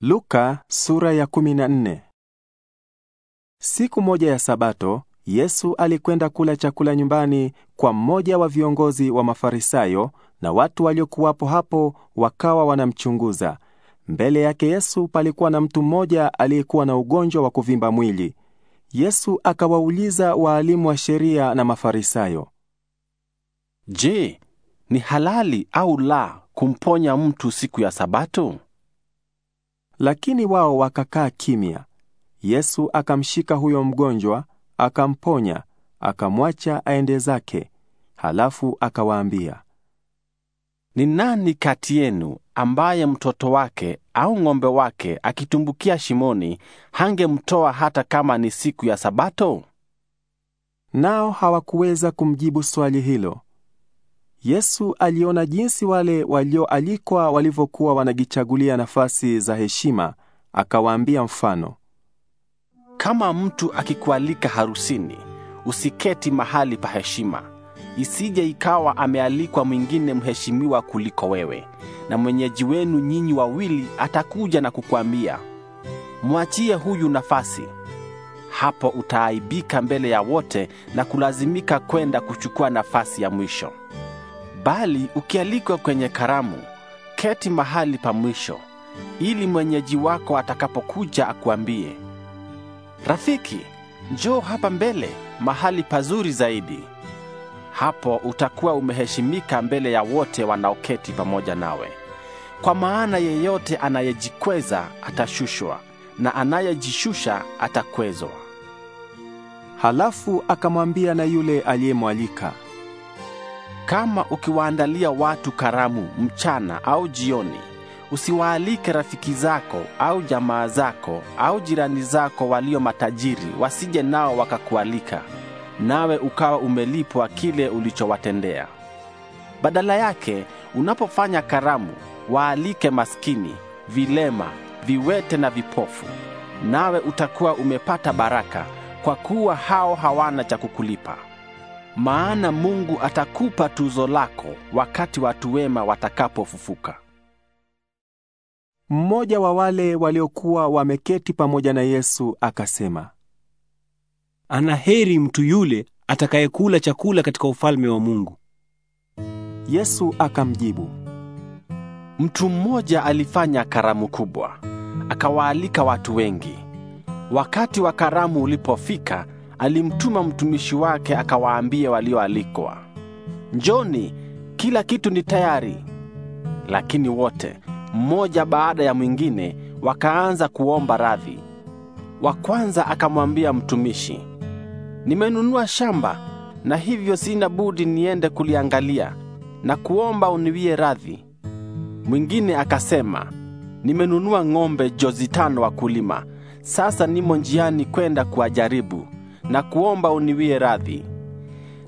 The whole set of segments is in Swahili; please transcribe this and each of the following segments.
Luka sura ya 14. Siku moja ya Sabato, Yesu alikwenda kula chakula nyumbani kwa mmoja wa viongozi wa Mafarisayo na watu waliokuwapo hapo wakawa wanamchunguza. Mbele yake Yesu palikuwa na mtu mmoja aliyekuwa na ugonjwa wa kuvimba mwili. Yesu akawauliza waalimu wa sheria na Mafarisayo, "Je, ni halali au la kumponya mtu siku ya Sabato?" Lakini wao wakakaa kimya. Yesu akamshika huyo mgonjwa, akamponya, akamwacha aende zake. Halafu akawaambia, ni nani kati yenu ambaye mtoto wake au ng'ombe wake akitumbukia shimoni hangemtoa hata kama ni siku ya Sabato? Nao hawakuweza kumjibu swali hilo. Yesu aliona jinsi wale walioalikwa walivyokuwa wanajichagulia nafasi za heshima, akawaambia mfano: kama mtu akikualika harusini, usiketi mahali pa heshima, isije ikawa amealikwa mwingine mheshimiwa kuliko wewe, na mwenyeji wenu nyinyi wawili atakuja na kukwambia, mwachie huyu nafasi. Hapo utaaibika mbele ya wote na kulazimika kwenda kuchukua nafasi ya mwisho bali ukialikwa kwenye karamu, keti mahali pa mwisho, ili mwenyeji wako atakapokuja akuambie, rafiki, njoo hapa mbele, mahali pazuri zaidi. Hapo utakuwa umeheshimika mbele ya wote wanaoketi pamoja nawe. Kwa maana yeyote anayejikweza atashushwa, na anayejishusha atakwezwa. Halafu akamwambia na yule aliyemwalika, kama ukiwaandalia watu karamu mchana au jioni, usiwaalike rafiki zako au jamaa zako au jirani zako walio matajiri, wasije nao wakakualika, nawe ukawa umelipwa kile ulichowatendea. Badala yake, unapofanya karamu, waalike maskini, vilema, viwete na vipofu, nawe utakuwa umepata baraka, kwa kuwa hao hawana cha kukulipa maana Mungu atakupa tuzo lako wakati watu wema watakapofufuka. Mmoja wa wale waliokuwa wameketi pamoja na Yesu akasema, ana heri mtu yule atakayekula chakula katika ufalme wa Mungu. Yesu akamjibu, mtu mmoja alifanya karamu kubwa, akawaalika watu wengi. Wakati wa karamu ulipofika alimtuma mtumishi wake akawaambie walioalikwa, njoni, kila kitu ni tayari. Lakini wote mmoja baada ya mwingine wakaanza kuomba radhi. Wa kwanza akamwambia mtumishi, nimenunua shamba na hivyo sina budi niende kuliangalia na kuomba uniwie radhi. Mwingine akasema, nimenunua ng'ombe jozi tano wa kulima, sasa nimo njiani kwenda kuwajaribu na kuomba uniwie radhi.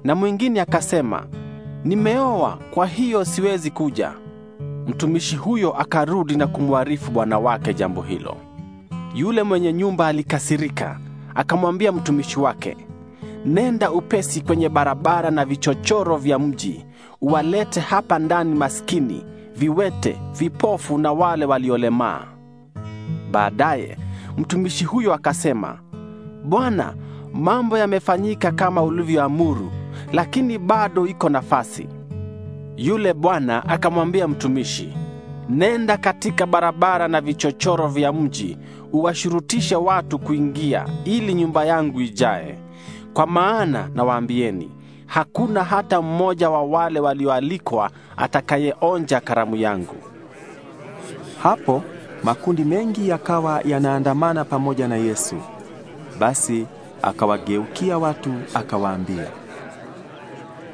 Na mwingine akasema, nimeoa, kwa hiyo siwezi kuja. Mtumishi huyo akarudi na kumwarifu bwana wake jambo hilo. Yule mwenye nyumba alikasirika, akamwambia mtumishi wake, nenda upesi kwenye barabara na vichochoro vya mji, uwalete hapa ndani maskini, viwete, vipofu na wale waliolemaa. Baadaye mtumishi huyo akasema, Bwana, mambo yamefanyika kama ulivyoamuru, lakini bado iko nafasi. Yule bwana akamwambia mtumishi, nenda katika barabara na vichochoro vya mji, uwashurutishe watu kuingia, ili nyumba yangu ijae. Kwa maana nawaambieni, hakuna hata mmoja wa wale walioalikwa atakayeonja karamu yangu. Hapo makundi mengi yakawa yanaandamana pamoja na Yesu. Basi Akawageukia watu akawaambia,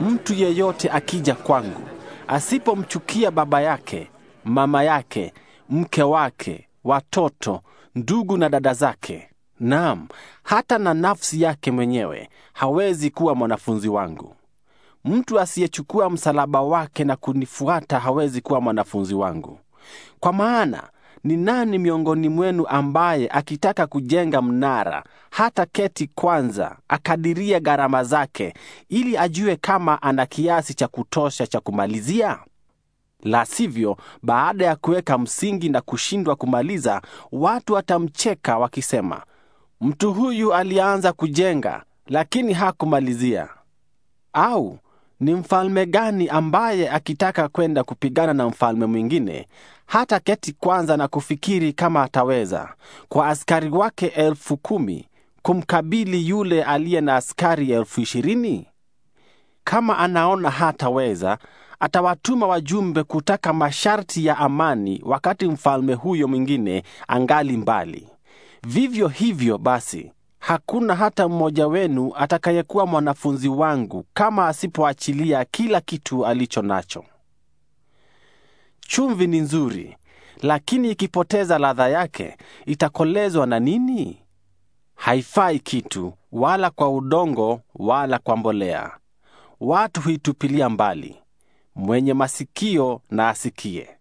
mtu yeyote akija kwangu asipomchukia baba yake, mama yake, mke wake, watoto, ndugu na dada zake, naam, hata na nafsi yake mwenyewe, hawezi kuwa mwanafunzi wangu. Mtu asiyechukua msalaba wake na kunifuata hawezi kuwa mwanafunzi wangu. Kwa maana ni nani miongoni mwenu ambaye akitaka kujenga mnara hata keti kwanza akadiria gharama zake ili ajue kama ana kiasi cha kutosha cha kumalizia? La sivyo, baada ya kuweka msingi na kushindwa kumaliza, watu watamcheka wakisema, mtu huyu alianza kujenga lakini hakumalizia. Au ni mfalme gani ambaye akitaka kwenda kupigana na mfalme mwingine hata keti kwanza na kufikiri kama ataweza kwa askari wake elfu kumi kumkabili yule aliye na askari elfu ishirini? Kama anaona hataweza, atawatuma wajumbe kutaka masharti ya amani, wakati mfalme huyo mwingine angali mbali. Vivyo hivyo basi Hakuna hata mmoja wenu atakayekuwa mwanafunzi wangu kama asipoachilia kila kitu alicho nacho. Chumvi ni nzuri, lakini ikipoteza ladha yake, itakolezwa na nini? Haifai kitu, wala kwa udongo, wala kwa mbolea. Watu huitupilia mbali. Mwenye masikio na asikie.